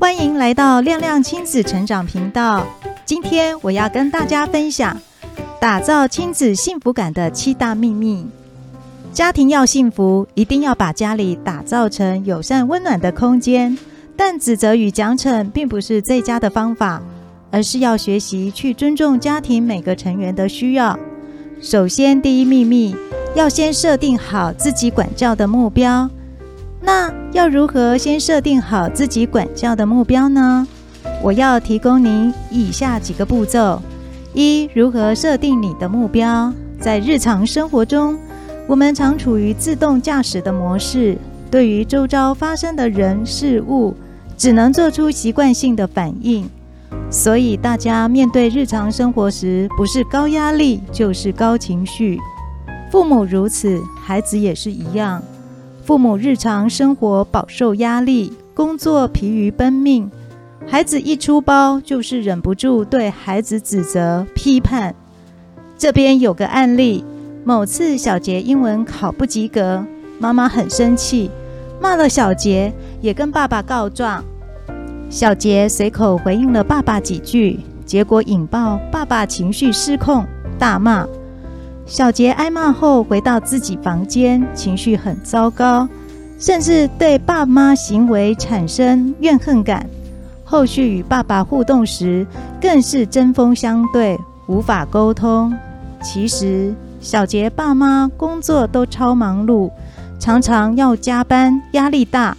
歡迎來到亮亮親子成長頻道。今天我要跟大家分享打造親子幸福感的七大秘密。家庭要幸福，一定要把家裡打造成友善、溫暖的空間。但指責與獎懲並不是最佳的方法，而是要學習去尊重家庭每個成員的需要。首先，第一秘密要先設定好自己管教的目標。那要如何先設定好自己管教的目標呢？我要提供你以下幾個步驟：一、如何設定你的目標。在日常生活中，我們常處於自動駕駛的模式，對於周遭發生的人事物，只能做出習慣性的反應。所以，大家面對日常生活時，不是高壓力，就是高情緒。父母如此，孩子也是一樣。父母日常生活飽受壓力，工作疲於奔命，孩子一出包就是忍不住對孩子指責批判。這邊有個案例，某次小杰英文考不及格，媽媽很生氣，罵了小杰，也跟爸爸告狀。小杰隨口回應了爸爸幾句，結果引爆爸爸情緒失控，大罵。小杰挨罵後回到自己房間，情緒很糟糕，甚至對爸媽行為產生怨恨感。後續與爸爸互動時，更是針鋒相對，無法溝通。其實，小杰爸媽工作都超忙碌，常常要加班，壓力大。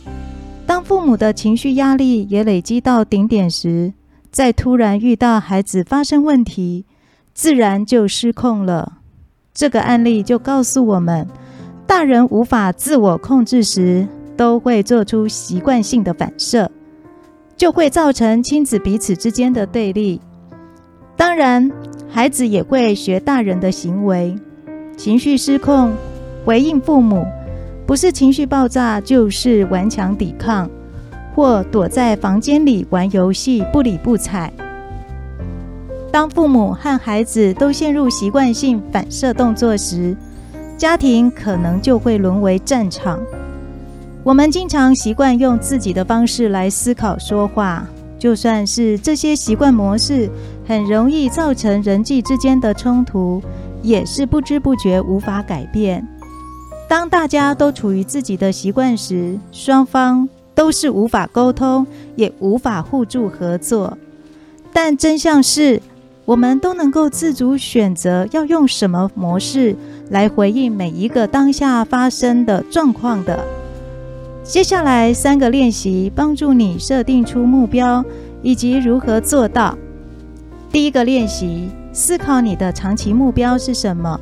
當父母的情緒壓力也累積到頂點時，再突然遇到孩子發生問題，自然就失控了。這個案例就告訴我們，大人無法自我控制時，都會做出習慣性的反射，就會造成親子彼此之間的對立。當然，孩子也會學大人的行為，情緒失控，回應父母，不是情緒爆炸，就是頑強抵抗，或躲在房間裡玩遊戲，不理不睬。當父母和孩子都陷入習慣性反射動作時，家庭可能就會淪為戰場。我們經常習慣用自己的方式來思考、說話，就算是這些習慣模式，很容易造成人際之間的衝突，也是不知不覺無法改變。當大家都處於自己的習慣時，雙方都是無法溝通，也無法互助合作。但真相是，我們都能夠自主選擇要用什麼模式來回應每一個當下發生的狀況的。接下來三個練習，幫助你設定出目標以及如何做到。第一個練習，思考你的長期目標是什麼。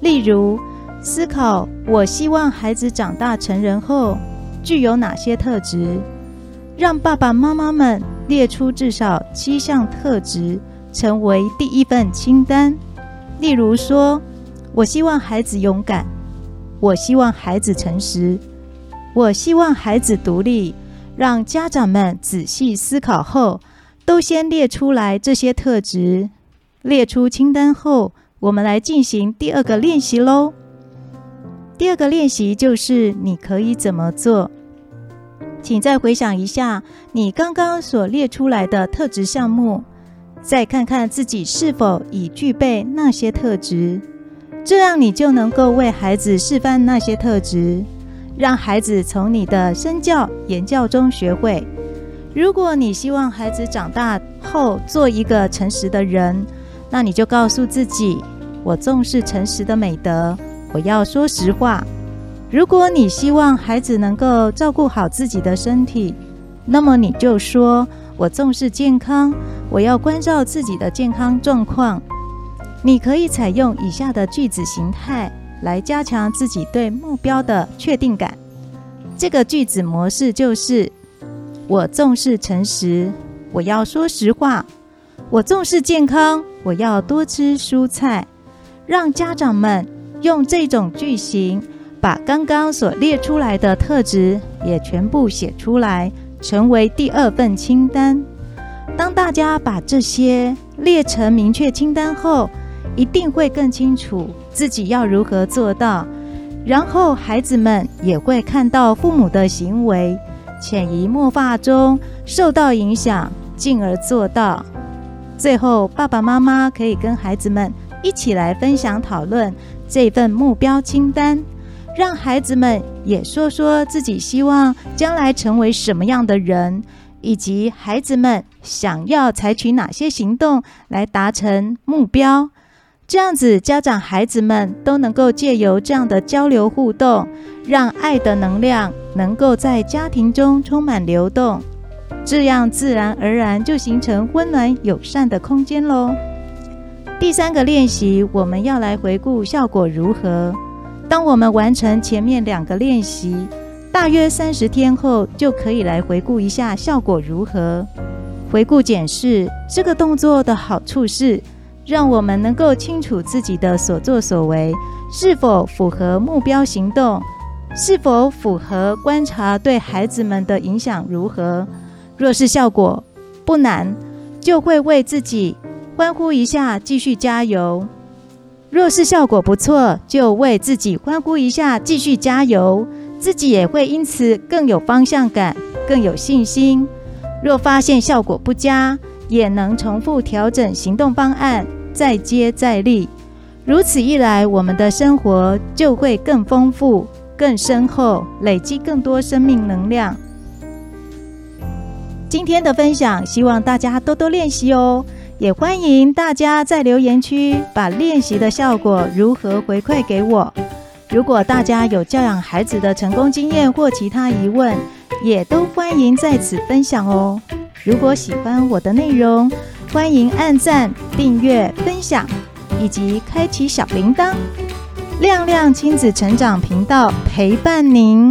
例如，思考我希望孩子長大成人後具有哪些特質，讓爸爸媽媽們列出至少七項特質。成為第一份清單，例如說，我希望孩子勇敢，我希望孩子誠實，我希望孩子獨立。讓家長們仔細思考後，都先列出來這些特質。列出清單後，我們來進行第二個練習嘍。第二個練習就是你可以怎麼做？請再回想一下你剛剛所列出來的特質項目。再看看自己是否已具備那些特質，這樣你就能夠為孩子示範那些特質，讓孩子從你的身教言教中學會。如果你希望孩子長大後做一個誠實的人，那你就告訴自己：我重視誠實的美德，我要說實話。如果你希望孩子能夠照顧好自己的身體，那麼你就說。我重視健康，我要關照自己的健康狀況。你可以採用以下的句子形態來加強自己對目標的確定感。這個句子模式就是：我重視誠實，我要說實話；我重視健康，我要多吃蔬菜。讓家長們用這種句型，把剛剛所列出來的特質也全部寫出來。成為第二份清單。當大家把這些列成明確清單後，一定會更清楚自己要如何做到。然後，孩子們也會看到父母的行為，潛移默化中受到影響，進而做到。最後，爸爸媽媽可以跟孩子們一起來分享討論這份目標清單，讓孩子們，也說說自己希望將來成為什麼樣的人，以及孩子們想要採取哪些行動來達成目標。這樣子，家長、孩子們都能夠借由這樣的交流互動，讓愛的能量能夠在家庭中充滿流動，這樣自然而然就形成溫暖友善的空間嘍。第三個練習，我們要來回顧效果如何。當我們完成前面兩個練習，大約三十天後，就可以來回顧一下效果如何。回顧檢視這個動作的好處是，讓我們能夠清楚自己的所作所為是否符合目標行動，是否符合觀察，對孩子們的影響如何。若是效果不難，就會為自己歡呼一下，繼續加油。若是效果不錯，就為自己歡呼一下，繼續加油，自己也會因此更有方向感、更有信心。若發現效果不佳，也能重複調整行動方案，再接再厲。如此一來，我們的生活就會更豐富、更深厚，累積更多生命能量。今天的分享，希望大家多多練習哦。也歡迎大家在留言區把練習的效果如何回饋給我。如果大家有教養孩子的成功經驗或其他疑問，也都歡迎在此分享哦。如果喜歡我的內容，歡迎按贊、訂閱、分享，以及開啟小鈴鐺。亮亮親子成長頻道陪伴您。